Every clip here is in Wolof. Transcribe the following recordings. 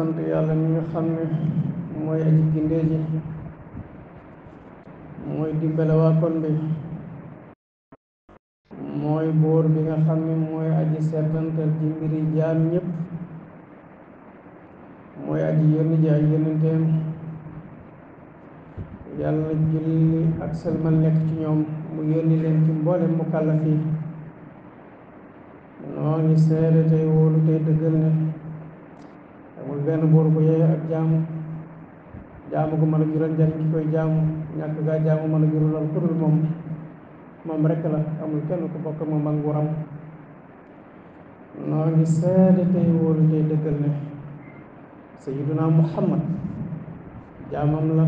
sant yàlla mi nga xam ne mooy aji gindee ji mooy dimbale bi mooy buur bi nga xam ne mooy aji settantal ji mbiri jaam ñëpp mooy aji yónni ji ay yónnenteem yàlla julli ak selmal nekk ci ñoom mu yónni leen ci mboole mu kàllaf noo ngi seede tey wóolu tey dëggal ne amul benn buur bu yeye ak jaamu jaamu gu mën a jural njariñ ki koy jaamu ñàkk gaa jaamu mën a juralal ku dul moom moom rekk la amul kenn ku bokk moom ak nguuram noo ngi seede tey wóolu tey dëggal ne sayiduna muhammad jaamam la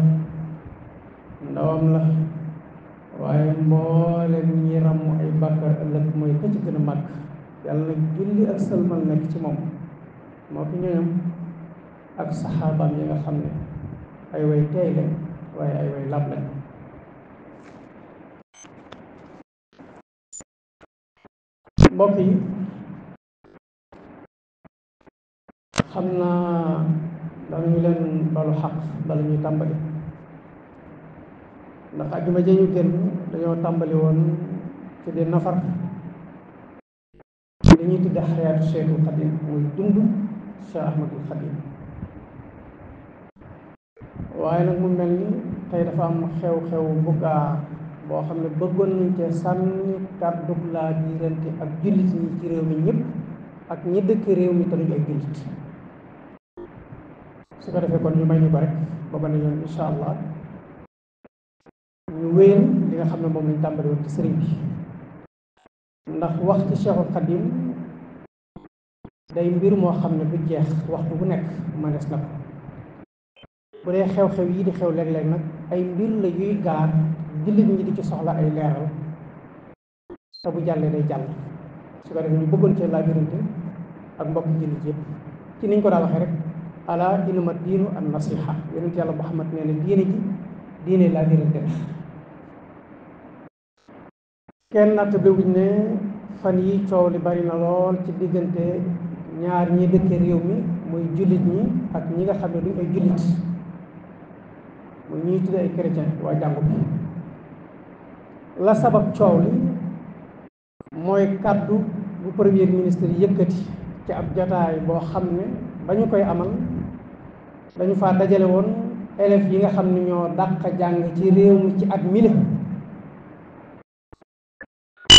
ndawam la waaye mboolem ñi ràmm ay bàkkaar ëllëg mooy ka ci gën a màgg yàlla na julli ak sëlmal nekk ci moom moo fi ñëwam ak saxaabaam yi nga xam ne ay way teey lañ waaye ay way lab lañ mbokk yi xam naa danañu leen balu xaq bala ñuy tàmbali ndax ajuma ja ñu génn dañoo tàmbali woon ci di nafar li ñuy tudde xayaatu Cheikhul Xadim muy dund Cheikh Ahmadul Xadim waaye nag mu mel ni tey dafa am xew-xew bu gaa boo xam ne bëggoon nañ cee sànni kàddu laa diirante ak jullit ñi ci réew mi ñëpp ak ñi dëkk réew mi tamit ay jullit su ko defee kon ñu may ñu ko rek ba ba ne yoon incha allah ñu wéen li nga xam ne moom lañ tàmbali woon ci sëriñ bi ndax wax ci Cheikhul Xadim day mbir moo xam ne bu jeex waxtu bu nekk mënees na ko bu dee xew-xew yii di xew léeg-léeg nag ay mbir la yuy gaar jullit ñi di ci soxla ay leeral te bu jàllee day jàll su ko def ñu bëggoon cee laabirinte ak mbokk jullit yëpp ci niñ ko daa waxee rek ala inama diinu an nasiha yonent yàlla Muhammad nee na ne fan yi coow li bari na lool ci diggante ñaar ñi dëkkee réew mi muy jullit ñi ak ñi nga xam ne duñ ay jullit mu ñuy tuddee ay chrétien waa jàngu bi la sabab coow li mooy kàddu bu premier ministre yëkkati ci ab jataay boo xam ne ba ñu koy amal dañu fa dajale woon élèves yi nga xam ne ñoo dàq jàng ci réew mi ci at mile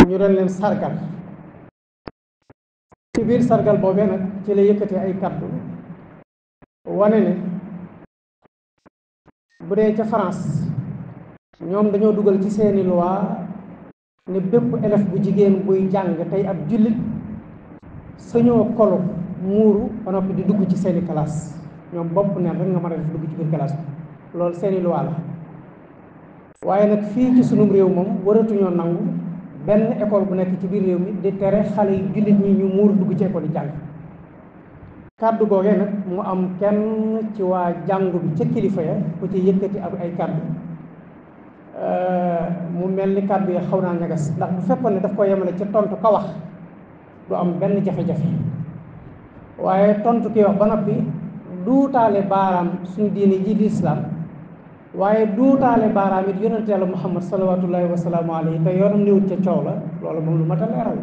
ñu doon leen sargal ci biir sargal boobee nag ci la yëkkatee ay kàddu wane ne bu dee ca France ñoom dañoo dugal ci seeni loi ne bépp élève bu jigéen buy jàng tey ab jullit sañoo kolu muuru ba di dugg ci seeni classe ñoom bopp neen rek nga mën a def dugg ci biir classe bi loolu seeni loi la waaye nag fii ci sunum réew moom waratuñoo nangu benn école bu nekk ci biir réew mi di tere xale yi jullit ñi ñu muuru dugg ci école yi jàng kaddu goge nak mu am kenn ci wa jangu bi ci kilifa ya ku ci yëkkati ak ay euh mu melni kaddu ya xawna xaw naa ñagas ndax bu fekkoon daf ko yemale ci tontu ka wax du am benn jafé jafé waye tontu ki wax ba noppi duutaale baram suñu diini ji di islam waaye duutaale baram it yonente muhammad sallallahu wa wasallam alayhi te yoonam niwut ci ciow la loolu mom lu mata leral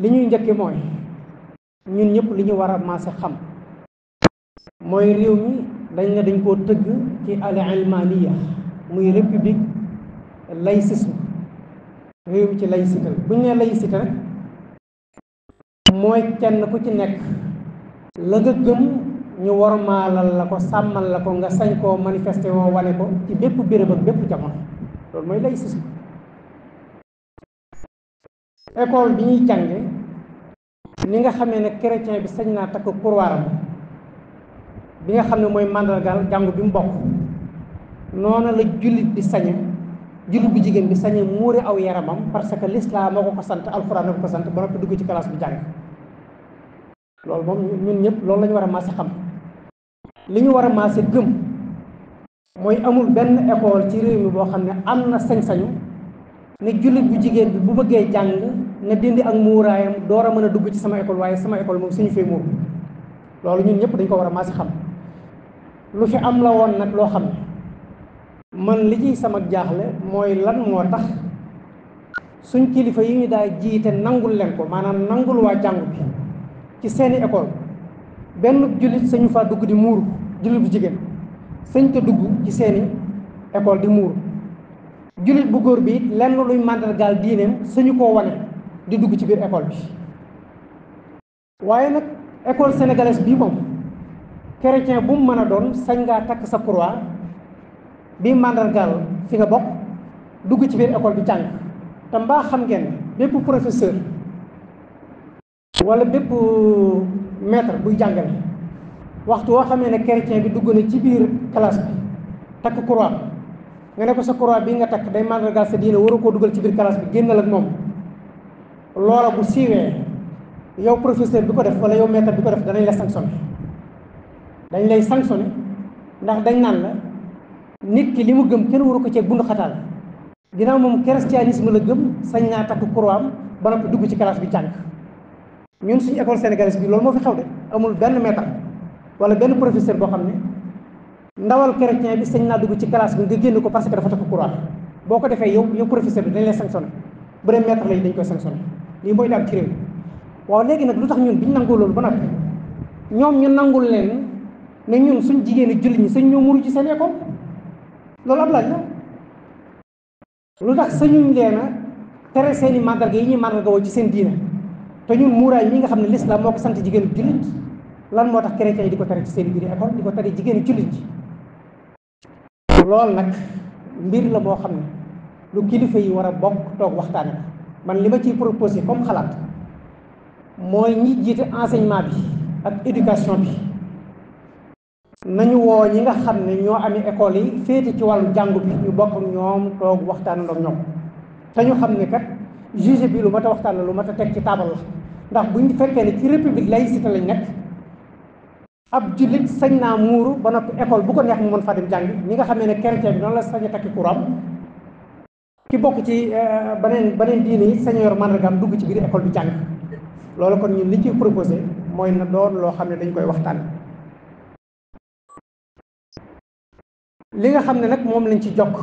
li ñuy njëkke mooy ñun ñëpp li ñu war a maase xam mooy réew mi dañ ne dañ koo tëgg ci al ilmaniya muy république laïcisme réew mi ci laïcité la bu ñu nee laïcité mooy kenn ku ci nekk la nga gëm ñu warmaalal la ko sàmmal la ko nga sañ koo manifesté woo wane ko ci bépp bépp jamono loolu mooy laïcisme école bi ñuy jànge ni nga xamee ne chrétien bi sañ naa takk kurwaaram bi nga xam ne mooy màndargaal jàngu bi mu bokk noona la jullit bi sañe jullit bu jigéen bi sañe muure aw yaramam parce que l'islam moo ko ko sant alxuraan ko ko sant ba noppi dugg ci classe bu jàng loolu moom ñun ñëpp loolu la ñu war a maase xam li ñu war a gëm mooy amul benn école ci réew mi boo xam ne sañ-sañu ne jullit bu jigéen bi bu bëggee jàng na dindi ak murayam door a dugg ci sama école waye sama école mom suñu fee muur loolu ñun ñëpp dañ ko wara maasi xam lu fi am la woon nag loo xam man li ci sama jaaxle mooy lan moo tax suñ kilifa yi ñu daa jiite nangul leen ko maanaam nangul waa jàng bi ci seen école benn julit sañu fa dugg di muuru julit bu jigéen sañ ko dugg ci seen école di julit bu góor bi lenn luy diineem koo wane di dugg ci biir école bi waaye nag école sénégalaise bi moom chrétien bu mu mën a doon sañ ngaa takk sa croix bi mandargal fi nga bokk dugg ci biir école bi jàng te mbaa xam ngeen bépp professeur wala bépp maître buy jàngale waxtu woo xamee ne chrétien bi dugg na ci biir classe bi takk croix nga ne ko sa croix bi nga takk day mandargal sa diine waru koo dugal ci biir classe bi génnal ak moom lola bu siwe yow professeur bi ko def wala yow maître bi ko def dañ lay sanctionné dañ lay sanctionné ndax dañ nan la nit ki limu gëm kenn waru ko ci bundu xataal ginnaaw mom christianisme la gëm sañ naa takk kuroam ba noppi dugg ci classe bi jàng ñun suñu école sénégalaise bi loolu mo fi xaw de amul benn maître wala benn professeur bo xamné ndawal chrétien bi sañ na dugg ci classe bi nga génn ko parce que dafa tak kuroam boo ko defee yow yow professeur bi dañ lay sanctionné bu dee maître lay dañ koy sanctionné ni moy daam ci rew wa legi nak lutax ñun biñ nangul loolu ba nak ñom ñu nangul leen ne ñun suñu jigeen i jullit ñi sañ ñoo muru ci sene ko loolu ab laaj la lu tax sañuñ leen a tere seen i màndarga yi ñuy màndarga ci seen diina te ñun muray mi nga xamne l'islam moko sante jigeen jigéen jullit lan motax tax chrétien yi di tere ci seen biir école diko ko jigeen jigéen jullit lool nak mbir la bo xamne lu kilifa yi wara bok tok waxtane ko man li ma ciy proposer comme xalaat mooy ñi jiite enseignement bi ak éducation bi nañu woo ñi nga xam ne ñoo amee école yi féete ci wàllu jàngu bi ñu bokk ñoom toog waxtaan ak ñoom te ñu xam ne kat juge bi lu mat a waxtaan la lu mat a teg ci table la ndax bu ñu fekkee ne ci république lay laïcité lañ nekk ab jullit sañ naa muuru ba noppi école bu ko neex mu mën fa dem jàng ñi nga xam ne chrétien bi noonu la sañ a takki kuram ki bokk ci eh, beneen beneen diine yi sañ yor màndargaam dugg ci biir école bi jàng loolu kon ñun li ci proposé mooy na doon loo xam ne dañ koy waxtaan li nga xam ne nag moom lañ ci jokk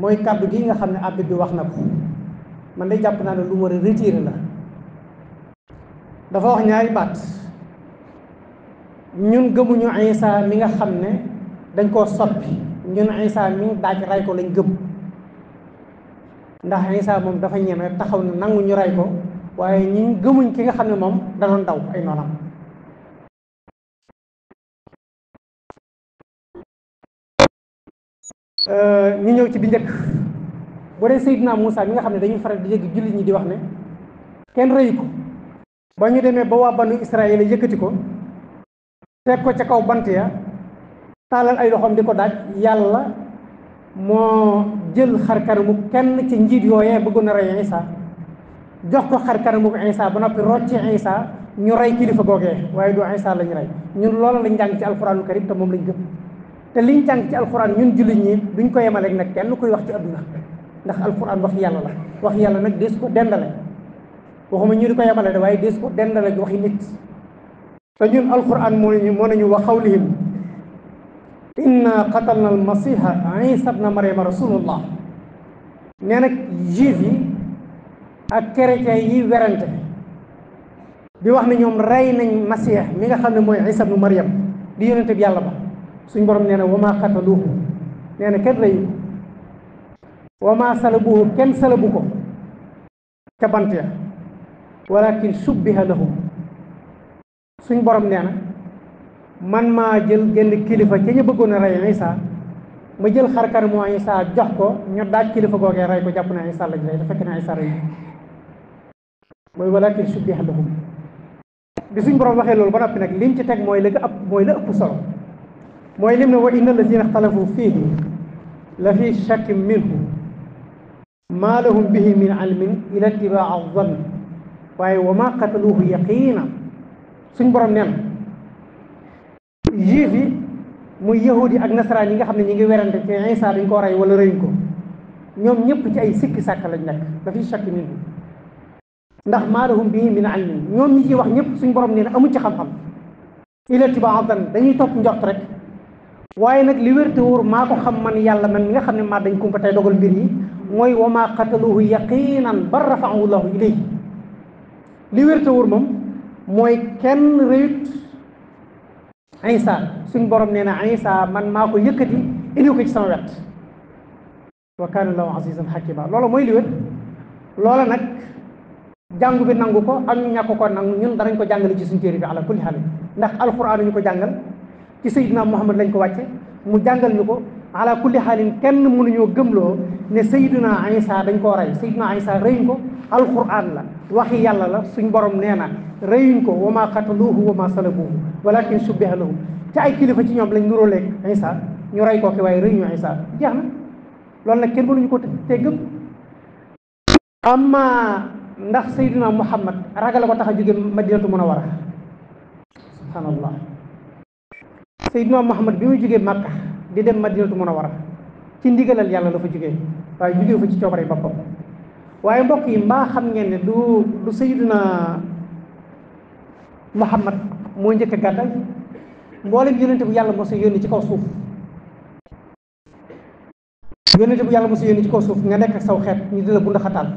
mooy kàddu gi nga xam ne abbé bi wax na ko man de jàpp naa ne lu mu war a retiré la dafa wax ñaari baat ñun ay Isa mi nga xam ne dañ koo soppi ñun Isa mi daaj ray ko lañ gëm ndax saa moom dafa ñeme taxaw na nangu ñu rey ko waaye ñi gëmuñ ki nga xam ne moom da doon daw ay noonam euh, ñu ñëw ci bi njëkk bu dee Seydina Moussa mi nga xam ne dañuy faral di dégg jullit ñi di wax ne kenn rëyu ko ba ñu demee ba waa banu Israël yëkkati ko teg ko ca kaw bant ya taalal ay loxoom di ko daaj yàlla mo jël xar kenn ci njiit yooyee bëggoon a rey Isa jox ko xar kanamu Isa ba noppi rocci Isa ñu rey kilifa googee waaye du Isa lañ rey ñun loolu lañ jàng ci alxuraanul karim te moom lañ gëm te liñ jàng ci alxuraan ñun jullit ñi duñ ko yemaleeg nag kenn kuy wax ci aduna ndax alxuraan wax yàlla la wax yàlla nag des ko dendale waxuma ñu di ko yemale de waaye des ko dendale waxi nit te ñun alxuraan moo ñu moo nañu wax xawlihim inna qatalna al masiha isa bna mariama rasulullah nee na juif yi ak chrétien yi werante di wax na ñoom rey nañ masiix mi nga xam ne mooy isa bnu mariam di yonente bi yàlla ba suñ borom nee na wama qataluuhu nee na kenn reyu wama salabuhu kenn salabu ko ca bant ya walakin subbiha suñ borom nee na man maa jël genn kilifa ci ñu bëggoon a rey Isa ma jël xar kanamu Isa jox ko ñu daaj kilifa googee rey ko jàpp ne Isa lañ rey dafa fekk ne Isa rey mooy walakin subbiha lahum bi suñ borom waxee loolu ba noppi nag lim ci teg mooy la ko ëpp mooy la mooy lim ne wa inna allazina ixtalafu fiihi la fi bihi min ilmin ila itibaa zann waaye wa ma qataluuhu yaqiina suñ borom nen juif yi muy yahudi ak nasaraan yi nga xam ne ñi ngi werante ci Isa dañ ko rey wala rëyuñ ko ñoom ñëpp ci ay sikki sàkk lañ nekk dafay shakk min ndax maa lahum bihi min ilmin ñoom ñi ciy wax ñëpp suñ borom nee na amu ci xam-xam ila tibaadan dañuy topp njort rek waaye nag li wér te wóor maa ko xam man yàlla man mi nga xam ne maa dañ kumpa tey dogal mbir yi mooy wa maa qataluhu yaqinan bal rafaahu llahu ilayhi li wér te wóor moom mooy kenn rëyut Isa suñ borom nee na Isa man maa ko yëkkati indi ko ci sama wet wa kaana Allahu azizan hakima loola mooy li wét loola nag jàngu bi nangu ko am ñu ñàkk ko nangu ñun danañ ko jàngale ci suñ téere bi ala kulli xaal ndax alquran ñu ko jàngal ci sayyidina Muhammad lañ ko wàcce mu jàngal ñu ko ala kulli xaalin kenn mënuñoo gëmloo ne sayduna isa dañ koo rey sayduna isa reyuñ ko alquran la waxi yàlla la suñ borom nee na reyuñ ko wa ma xataluuhu wa ma salabuuhu walakin subbiha lahum ci ay kilifa ci ñoom lañ nuróoleeg isa ñu rey kooki waaye reyuñu isa jeex na loolu nag kenn mënuñu ko te gëm amma ndax sayduna muhammad ragal ko tax a jóge madinatu munawara subhanallah sayduna muhammad bi muy jóge makka di dem madinatu munawwara ci ndigalal yàlla la fa jógee waaye jógee fa ci coobare boppam waaye mbokk yi mbaa xam ngeen ne du du sayyiduna muhammad moo njëkk a gàddaay mboolem yónnente bu yàlla mos a yónni ci kaw suuf yónnente bu yàlla mos a yónni ci kaw suuf nga nekk ak saw xeet ñu di la bu ndaxataal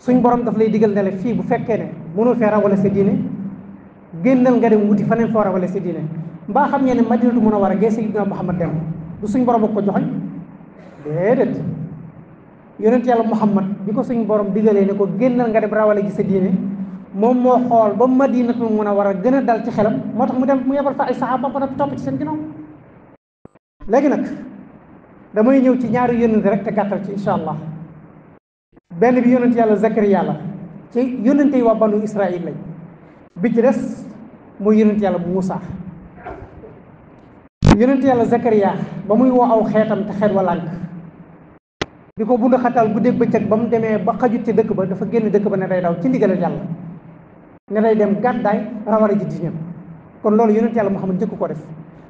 suñ borom daf lay digal ne fii bu fekkee ne mënul fee rawale sa diine génnal nga dem wuti faneen foo rawale sa diine mbaa xam ngeen ne madinatu munawara gee sayyidina muhammad dem du suñ borom ko joxoñ dedet yonent yalla muhammad bi ko suñ borom digale ne ko gennal nga dem rawale ci sa diine moom moo xool ba madinatu munawara gëna dal ci xelam motax mu dem mu yebal fa ay sahaba ba noppi topp ci seen ginnaw legi nak damay ñew ci ñaaru yonent rek te gattal ci inshallah allah bi yonent yalla zakariya la ci yonente yi waa banu israil lañ bi ci dess mu yonent yalla bu yonent yàlla Zakariya ba muy woo aw xeetam te xeet wa lànk di ko bund xatal guddeeg bëccëg ba mu demee ba xajut ci dëkk ba dafa génn dëkk ba ne day daw ci ndigalal yàlla ne day dem gàddaay a ji diineem kon loolu yonent yàlla Muhammad njëkk ko def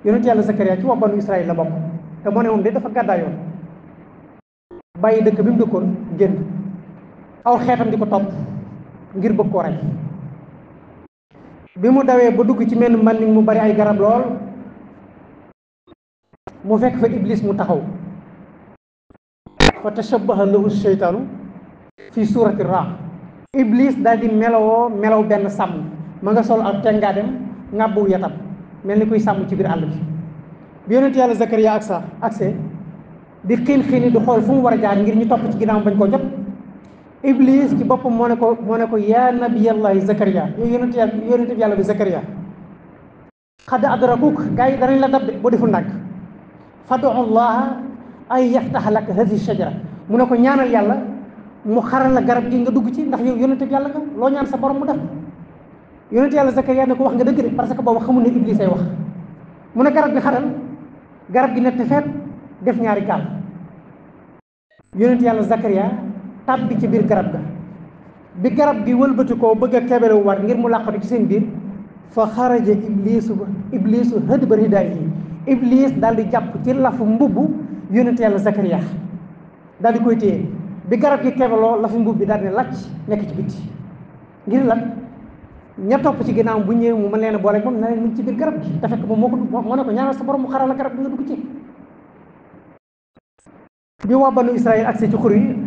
yonent yàlla Zakariya ci waa banu Israël la bokk te moo ne moom de dafa gàddaayoon bàyyi dëkk bi mu dëkkoon génn aw xeetam di ko topp ngir bëgg koo rey bi mu dawee ba dugg ci menn man mu bari ay lool mu fekk fa iblis mu taxaw fa tashabbaha lahu sheytaanu fi suurati ra iblis daal di melowoo melow benn sàmm ma nga sol ak tengaa dem ŋàbbu yatam mel ni kuy sàmm ci biir àll bi bi yonent yàlla ak sa akse di xiin xiini di fu mu war a jaar ngir ñu topp ci ginnaaw bañ koo jot iblis ci boppam moo ne ko moo ne ko yaa nabiyallahi Zakariya yooyu yonent yàlla yonent yàlla bi Zakariya xad adrakuk gars yi danañ la dab de boo deful ndànk fad'u llaha ay yaftaha laka hadihi shajara mu ne ko ñaanal yàlla mu xaral la garab gi nga dugg ci ndax yow yonente bi yàlla nga loo ñaan sa borom mu def yonente yàlla Zakariya ne ko wax nga dëgg de parce que boobu xamul ne Iblis ay wax mu ne garab gi xaral garab gi nette feet def ñaari kaal yonente yàlla Zakariya tàbbi ci biir garab ga bi garab gi wëlbati koo bëgg a kebelewu waat ngir mu làqatu ci seen biir fa xaraja iblisu iblisu hëdbër hidaay yi iblis dal di japp ci lafu mbubb yonent yalla Zakariya dal di koy téye bi garab gi kebalo lafu mbubb bi daal di lacc nek ci biti ngir lan ña top ci ginaam bu ñew mu man leena a boole moom na leen mu ci bir garab gi te fekk moom moo ko moo ne ñaanal sa borom mu xaral garab bi nga dug ci bi wa banu Israël ak ci xuri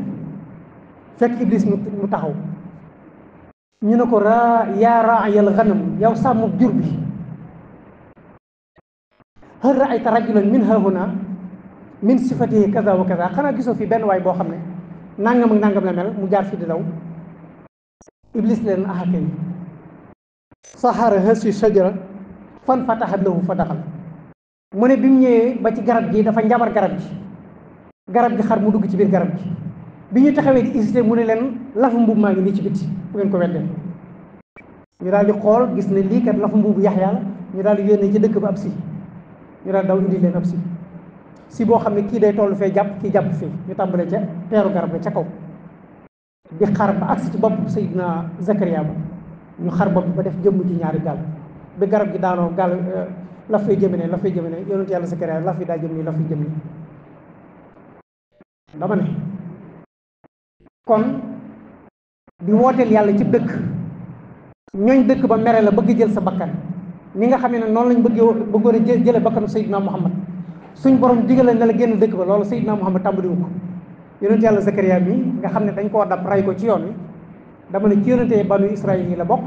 fek iblis mu taxaw ñu nako ra ya yaa ghanam yow sàmm jur bi ay hal raayta rajulan min hahuna min sifatihi kaza wa kaza xanaa gisoo fii benn waay boo xam ne nangam ak nangam la mel mu jaar fi di daw iblis leen aha kay saxaara hasi sajara fan fatahat lahu fa daxal mu ne bi mu ñëwee ba ci garab gi dafa njabar garab gi garab gi xar mu dugg ci biir garab gi bi ñu taxawee ci isité mu ne leen lafu mbuub maa ngi nii ci bitti bu ngeen ko weddee ñu daal di xool gis ne lii kat lafu mbuubu yaxyaa la ñu daal di yónnee ci dëkk si ñu daal daw indi leen si si boo xam ne kii day toll fee jàpp kii jàpp fee ñu tàmbalee ca teeru garab ca kaw di xar ba agsi ci bopp Seydina Zakaria ba ñu xar bopp ba def jëmm ci ñaari gaal bi garab gi daanoo gaal eh, la fay jëme ne la fay jëme ne yonent yàlla Zakaria la fi daa jëm nii la fi jëm nii dama ne kon di wooteel yàlla ci dëkk ñooñ dëkk ba mere la bëgg jël sa bakkan ni nga xamee ne noonu lañ bëgg bëggoon a jële bakkanu Seydina Muhammad suñ borom digale na la génn dëkk ba loolu Seydina Muhammad tàmbaliwu ko yonent yàlla Zakariya mi nga xam ne dañ koo dab ray ko ci yoon wi dama ne ci yonente banu Israël yi la bokk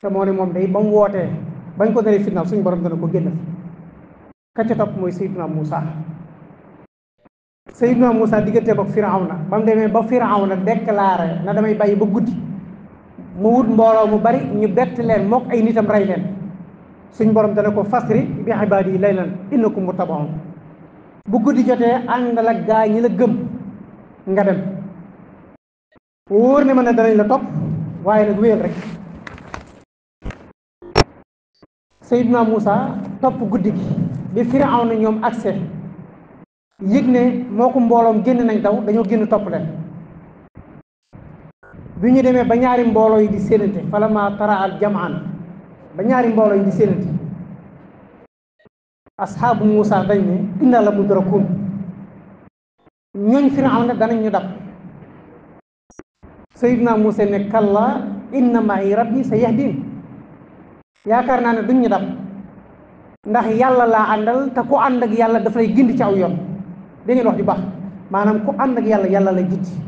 te moo ne moom day ba mu wootee bañ ko naree fitnaal suñ borom dana ko génnal ka ca topp mooy Seydina Moussa Seydina Moussa diggante ak Firawna ba mu demee ba Firawna déclaré na damay bàyyi ba guddi mu wut mbooloo mu bari ñu bett leen mook ay nitam rey leen suñ borom dana ko fasri bi ibaadi yi laylan innakum muttabaun bu guddi jotee àndal ak gaa ñi la gëm nga dem wóor ne ma ne danañ la topp waaye nag wéyal rek Seydina Moussa topp guddi gi bi Firawna ñoom accès yëg ne moo ko mbooloom génn nañ daw dañoo génn topp leen bi démé ba ñaari mbolo yi di ma tara al jam'an ba ñaari mbolo yi di sénété ashabu musa dañ né inna la fi na nga dañ ñu dab sayyidna musa né kalla inna ma'i rabbi sayahdin yahdin yaakaar né ne duñ ñu dab ndax yalla la andal ta ku di ak yalla da fay gindi ci aw yoon da wax ju bax manam ku and ak yalla yalla la jitti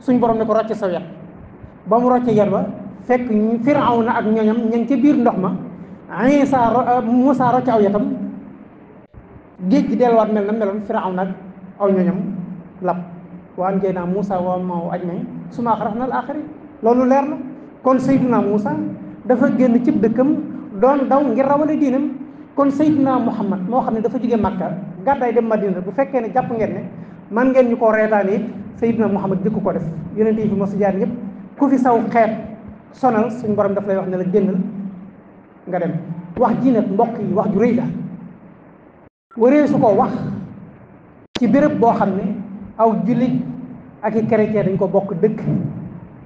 suñ borom ne ko rocce sa yat ba mu rocce yat ba fekk na ak ñooñam ña ngi ca biir ndox ma Isa euh, Musaa rocce aw yatam géej gi delluwaat mel na meloon Firawna ak aw ñooñam lab waan njey naa Musaa waa maaw aj nañ su maa xarax na al axiri loolu leer na kon Seydina Musaa dafa génn cib dëkkam doon daw ngir rawale diinam kon Seydina Muhammad moo xam ne dafa jóge Makka gàddaay dem Madina bu fekkee ne jàpp ngeen ne man ngeen ñu ko reetaan it xam Muhammad jëkk ko def yonent yi fi mos jaar ñëpp ku fi saw xeet sonal suñ borom dafay lay wax ne la génnal nga dem wax ji nag mbokk yi wax ju rëy la waree su ko wax ci bërëb boo xam ne aw jullit ak kere chrétien dañ ko bokk dëkk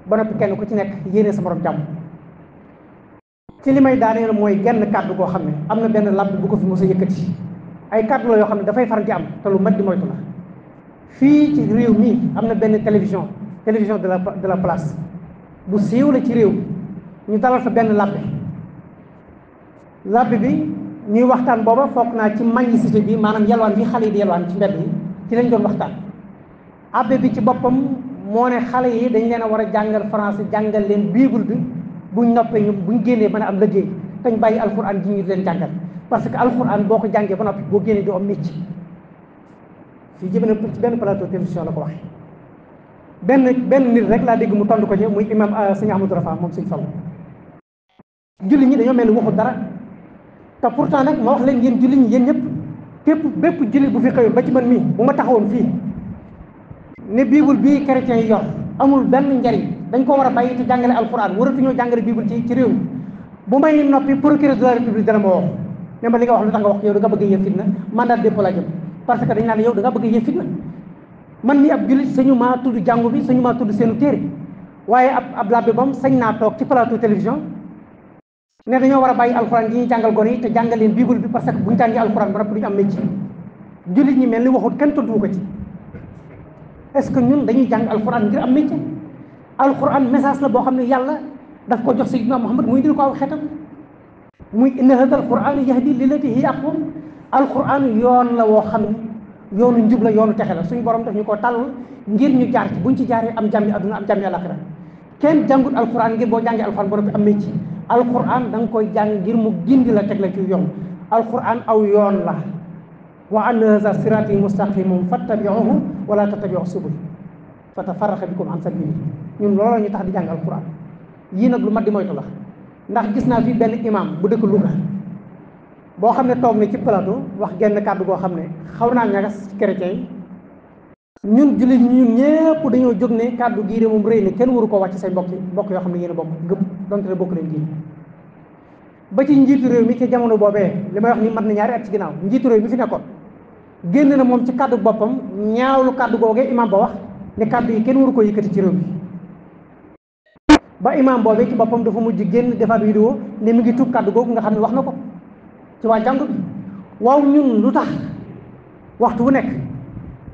ba noppi kenn ku ci nekk yéene sa morom jàmm ci li may daaneel mooy genn kàddu goo xam ne am na benn làbb bu ko fi mos a yëkkati ay kàddu la yoo xam ne dafay faral di am te lu mat di moytu la Fi ci rew mi amna ben television télévision de la de la place bu siiw la ci rew ñu dalal fa ben labbe labbe bi ñuy waxtaan boba fokk na ci mendicité bi manam yalwan bi xalé yi di yalwaan ci ci lañ doon waxtaan abbe bi ci bopam mo ne xalé yi dañ leena wara jangal français jangal leen bible bi buñ noppee ñu buñ génnee mëna am liggéey tañ bayyi alcorane ji ñu leen jangal parce que alcorane boko jangé ba noppi am métier si jëmale ci benn plateau télévision la ko waxe benn benn nit rek laa dégg mu tontu ko ci muy imam euh, sëñ Amadou Rafa moom sëñ Fall julli ñi dañoo mel waxu dara te pourtant nag ma wax leen yéen julli ñi yéen ñëpp képp bépp julli bu fi xëyoon ba ci man mii bu ma taxawoon fii ne biibul bi chrétien yi yor amul benn njariñ dañ ko war a bàyyi te jàngale alquran waratuñoo jàngale biibul ci ci réew mi bu may noppi procureur de la république dana ma wax ne ma li nga wax lu tax nga wax yow da nga bëgg yëf fitna mandat dépôt laa jëm parce que dañ naan yow da nga bëgg a yee man mi ab jullit sañu maa tudd jàngu bi sañu maa tudd seenu téere waaye ab ab labbe bam sañ naa toog ci plateau télévision ne dañoo war a bàyyi alxuraan yi ñuy jàngal gone yi te jàngal leen bible bi parce que bu ñu jàngee alxuraan ba noppi du ñu am métier jullit ñi mel ni waxut kenn tontu ko ci est-ce que ñun dañuy jàng alxuraan ngir am métier alxuraan message la boo xam ne yàlla daf ko jox sayyidina Muhammad muy indil ko muy inna hadal alquran yoon la woo xam ne yoonu njub la yoonu texe la suñu borom def ñu ko tàllal ngir ñu jaar ci buñ ci jaaree am jàmmi adduna am jàmmi àlaxira kenn jàngut alquran ngir boo jàngee alquran borom bi am mécc alquran da nga koy jàng ngir mu gindi la teg la ci yoon alquran aw yoon la wa anna sa sirati mustaqimum fattabiuhu wala tattabiu subul fatafarraqa bikum an sabili ñun loolu ñu tax di jàng alquran yii nag lu ma di moytu la ndax gis naa fi benn imam bu dëkk Louga boo xam ne toog na ci plateau wax genn kàddu goo xam ne xaw naa ñagas ci chrétien yi ñun jullit ñun ñëpp dañoo jóg ne kàddu gii de moom rëy na kenn waru ko wàcc say mbokk mbokk yoo xam ne yéen a bokk gëm donte bokk nañ gii ba ci njiitu réew mi ci jamono boobee li wax ni mat na ñaari ci ginnaaw njiitu réew mi fi nekkoon génn na moom ci kàddu boppam ñaawlu kàddu googee imaam wax ne kàddu kenn waru ko yëkkati ci réew mi ba imaam boobee ci boppam dafa mujj génn defaat vidéo ne mi ngi tuub kàddu kooku nga xam ne wax na ko ci waa jàngu bi waaw ñun lu tax waxtu wu nekk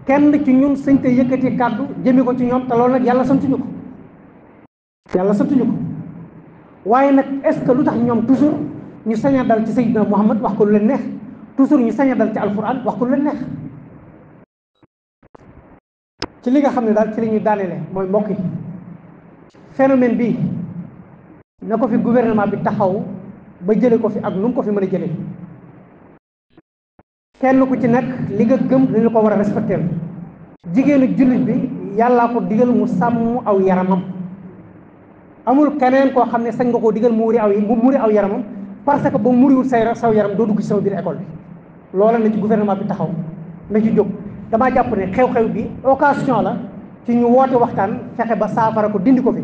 kenn ci ñun sëñ te yëkkati kàddu jëmi ko ci ñoom te loolu nag yàlla santuñu ko yàlla santuñu ko waaye nag est-ce que lu tax ñoom toujours ñu saña dal ci Seydina Muhammad wax ko lu leen neex toujours ñu saña dal ci alquran wax ko lu leen neex ci li nga xam ne daal ci lañuy ñuy mooy mbokki yi bi bii na ko fi gouvernement bi taxaw ba jële ko fi ak nu mu ko fi mën a jële kenn ko ci nekk li nga gëm dañu ko war a respecté jigéenu jullit bi yàllaa ko digal mu sàmm aw yaramam amul keneen koo xam ne sañ nga koo digal mu muri aw mu muri aw yaramam parce que ba muriwul say saw yaram doo dugg ci sama biir école bi loola na ci gouvernement bi taxaw na ci jóg damaa jàpp ne xew-xew bi occasion la ci ñu woote waxtaan fexe ba saafara ko dindi ko fi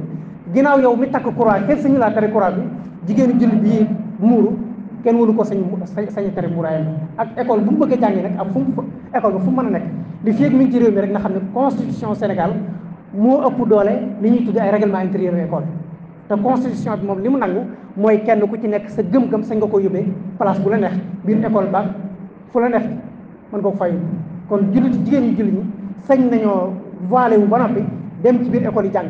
ginnaaw yow mi takk croix kenn sañu laa tere croix bi jigéenu jullit bi muuru kenn waru ko sañ sañ tere muraayam ak école bu mu bëgg a jàngee nag ak fu mu école ba fu mu mën a nekk li fii ak mi ngi ci réew mi rek nga xam ne constitution Sénégal moo ëpp doole li ñuy tuddee ay règlement intérieur école te constitution bi moom li mu nangu mooy kenn ku ci nekk sa gëm-gëm sañ nga ko yóbbee place bu la neex biir école ba fu la neex mën nga ko fayu kon jullit jigéen ñi jullit ñi sañ nañoo voilé wu ba noppi dem ci biir école yi jàng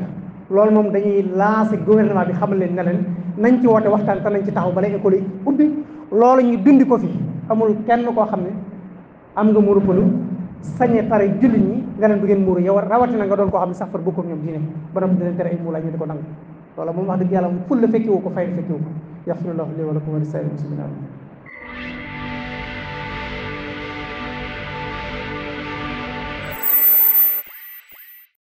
loolu moom dañuy lancé gouvernement bi xamal leen ne leen nañ ci woote waxtaan te nañ ci taxaw bala école yi ubbi loolu ñu dindi ko fi amul kenn koo xam ne am nga muuru pënu sañe tare jullit ñi nga leen bu muuru yow rawatina nga doon koo xam ne sax far bokkoon ñoom diine ba noppi dinañ tere ay muulaay ñu di ko nangu loolu moom wax dëgg yàlla ful la fekkiwu ko fay fekkiwu ko yaxfirullahu li wa lakum wa lisaa'iril muslimiin